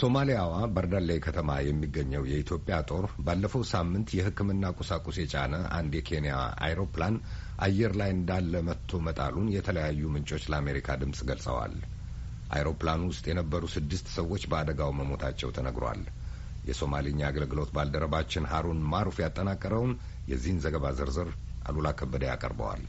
ሶማሊያዋ በርዳሌ ከተማ የሚገኘው የኢትዮጵያ ጦር ባለፈው ሳምንት የሕክምና ቁሳቁስ የጫነ አንድ የኬንያ አይሮፕላን አየር ላይ እንዳለ መጥቶ መጣሉን የተለያዩ ምንጮች ለአሜሪካ ድምፅ ገልጸዋል። አይሮፕላኑ ውስጥ የነበሩ ስድስት ሰዎች በአደጋው መሞታቸው ተነግሯል። የሶማሊኛ አገልግሎት ባልደረባችን ሀሩን ማሩፍ ያጠናቀረውን የዚህን ዘገባ ዝርዝር አሉላ ከበደ ያቀርበዋል።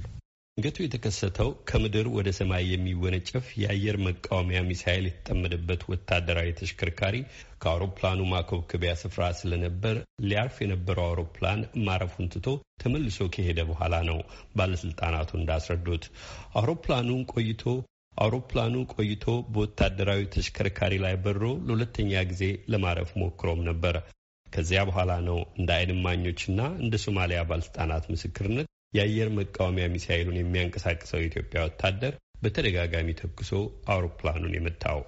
ድንገቱ የተከሰተው ከምድር ወደ ሰማይ የሚወነጨፍ የአየር መቃወሚያ ሚሳይል የተጠመደበት ወታደራዊ ተሽከርካሪ ከአውሮፕላኑ ማኮብኮቢያ ስፍራ ስለነበር ሊያርፍ የነበረው አውሮፕላን ማረፉን ትቶ ተመልሶ ከሄደ በኋላ ነው። ባለስልጣናቱ እንዳስረዱት አውሮፕላኑን ቆይቶ አውሮፕላኑ ቆይቶ በወታደራዊ ተሽከርካሪ ላይ በሮ ለሁለተኛ ጊዜ ለማረፍ ሞክሮም ነበር። ከዚያ በኋላ ነው እንደ አይን እማኞችና እንደ ሶማሊያ ባለስልጣናት ምስክርነት የአየር መቃወሚያ ሚሳይሉን የሚያንቀሳቅሰው የኢትዮጵያ ወታደር በተደጋጋሚ ተኩሶ አውሮፕላኑን የመታው።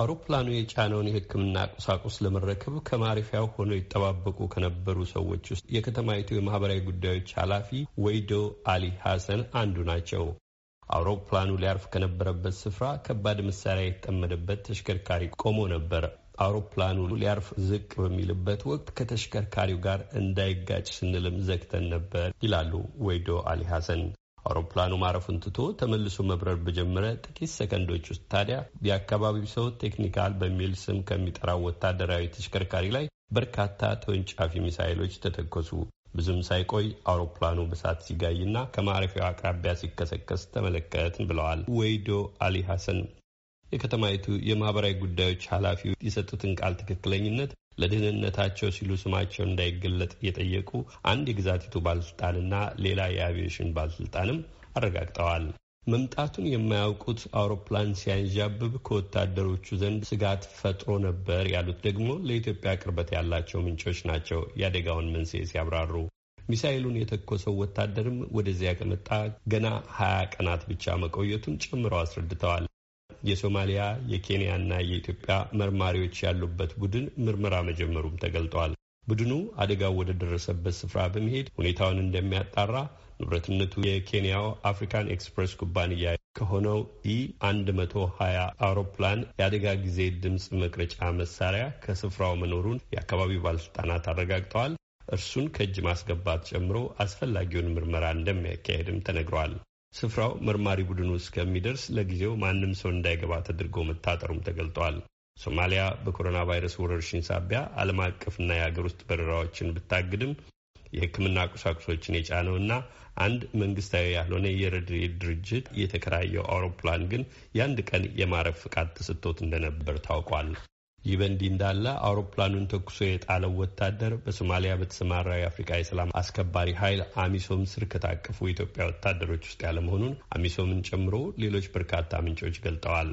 አውሮፕላኑ የጫነውን የሕክምና ቁሳቁስ ለመረከብ ከማረፊያው ሆነው ይጠባበቁ ከነበሩ ሰዎች ውስጥ የከተማይቱ የማህበራዊ ጉዳዮች ኃላፊ ወይዶ አሊ ሐሰን አንዱ ናቸው። አውሮፕላኑ ሊያርፍ ከነበረበት ስፍራ ከባድ መሳሪያ የተጠመደበት ተሽከርካሪ ቆሞ ነበር። አውሮፕላኑ ሊያርፍ ዝቅ በሚልበት ወቅት ከተሽከርካሪው ጋር እንዳይጋጭ ስንልም ዘግተን ነበር ይላሉ ወይዶ አሊ ሐሰን። አውሮፕላኑ ማረፉን ትቶ ተመልሶ መብረር በጀመረ ጥቂት ሰከንዶች ውስጥ ታዲያ የአካባቢው ሰው ቴክኒካል በሚል ስም ከሚጠራው ወታደራዊ ተሽከርካሪ ላይ በርካታ ተወንጫፊ ሚሳይሎች ተተኮሱ። ብዙም ሳይቆይ አውሮፕላኑ በሳት ሲጋይና ከማረፊያው አቅራቢያ ሲከሰከስ ተመለከትን ብለዋል ወይዶ አሊ ሐሰን የከተማይቱ የማህበራዊ ጉዳዮች ኃላፊ የሰጡትን ቃል ትክክለኝነት ለደህንነታቸው ሲሉ ስማቸው እንዳይገለጥ የጠየቁ አንድ የግዛቲቱ ባለስልጣንና ሌላ የአቪዬሽን ባለስልጣንም አረጋግጠዋል። መምጣቱን የማያውቁት አውሮፕላን ሲያንዣብብ ከወታደሮቹ ዘንድ ስጋት ፈጥሮ ነበር ያሉት ደግሞ ለኢትዮጵያ ቅርበት ያላቸው ምንጮች ናቸው። የአደጋውን መንስኤ ሲያብራሩ ሚሳይሉን የተኮሰው ወታደርም ወደዚያ ከመጣ ገና ሀያ ቀናት ብቻ መቆየቱን ጨምረው አስረድተዋል። የሶማሊያ የኬንያና የኢትዮጵያ መርማሪዎች ያሉበት ቡድን ምርመራ መጀመሩም ተገልጧል። ቡድኑ አደጋው ወደ ደረሰበት ስፍራ በመሄድ ሁኔታውን እንደሚያጣራ ንብረትነቱ የኬንያው አፍሪካን ኤክስፕሬስ ኩባንያ ከሆነው ኢ 120 አውሮፕላን የአደጋ ጊዜ ድምፅ መቅረጫ መሳሪያ ከስፍራው መኖሩን የአካባቢው ባለስልጣናት አረጋግጠዋል። እርሱን ከእጅ ማስገባት ጨምሮ አስፈላጊውን ምርመራ እንደሚያካሄድም ተነግሯል። ስፍራው መርማሪ ቡድን ውስጥ ከሚደርስ ለጊዜው ማንም ሰው እንዳይገባ ተደርጎ መታጠሩም ተገልጧል። ሶማሊያ በኮሮና ቫይረስ ወረርሽኝ ሳቢያ ዓለም አቀፍና የሀገር ውስጥ በረራዎችን ብታግድም የሕክምና ቁሳቁሶችን የጫነውና አንድ መንግስታዊ ያልሆነ የረድኤት ድርጅት የተከራየው አውሮፕላን ግን የአንድ ቀን የማረፍ ፍቃድ ተሰጥቶት እንደነበር ታውቋል። ይህ በእንዲህ እንዳለ አውሮፕላኑን ተኩሶ የጣለው ወታደር በሶማሊያ በተሰማራ የአፍሪካ የሰላም አስከባሪ ኃይል አሚሶም ስር ከታቀፉ የኢትዮጵያ ወታደሮች ውስጥ ያለመሆኑን አሚሶምን ጨምሮ ሌሎች በርካታ ምንጮች ገልጠዋል።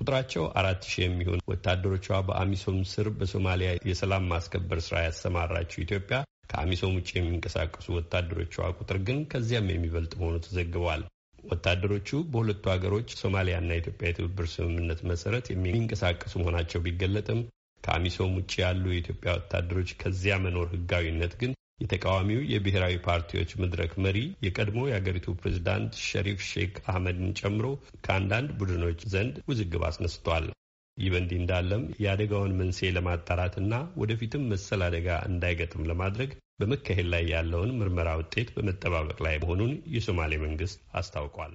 ቁጥራቸው አራት ሺህ የሚሆኑ ወታደሮቿ በአሚሶም ስር በሶማሊያ የሰላም ማስከበር ስራ ያሰማራችው ኢትዮጵያ ከአሚሶም ውጭ የሚንቀሳቀሱ ወታደሮቿ ቁጥር ግን ከዚያም የሚበልጥ መሆኑ ተዘግቧል። ወታደሮቹ በሁለቱ ሀገሮች ሶማሊያና ኢትዮጵያ የትብብር ስምምነት መሰረት የሚንቀሳቀሱ መሆናቸው ቢገለጥም ከአሚሶም ውጭ ያሉ የኢትዮጵያ ወታደሮች ከዚያ መኖር ህጋዊነት ግን የተቃዋሚው የብሔራዊ ፓርቲዎች መድረክ መሪ የቀድሞ የአገሪቱ ፕሬዚዳንት ሸሪፍ ሼክ አህመድን ጨምሮ ከአንዳንድ ቡድኖች ዘንድ ውዝግብ አስነስቷል። ይህ በእንዲህ እንዳለም የአደጋውን መንስኤ ለማጣራትና ወደፊትም መሰል አደጋ እንዳይገጥም ለማድረግ በመካሄድ ላይ ያለውን ምርመራ ውጤት በመጠባበቅ ላይ መሆኑን የሶማሌ መንግስት አስታውቋል።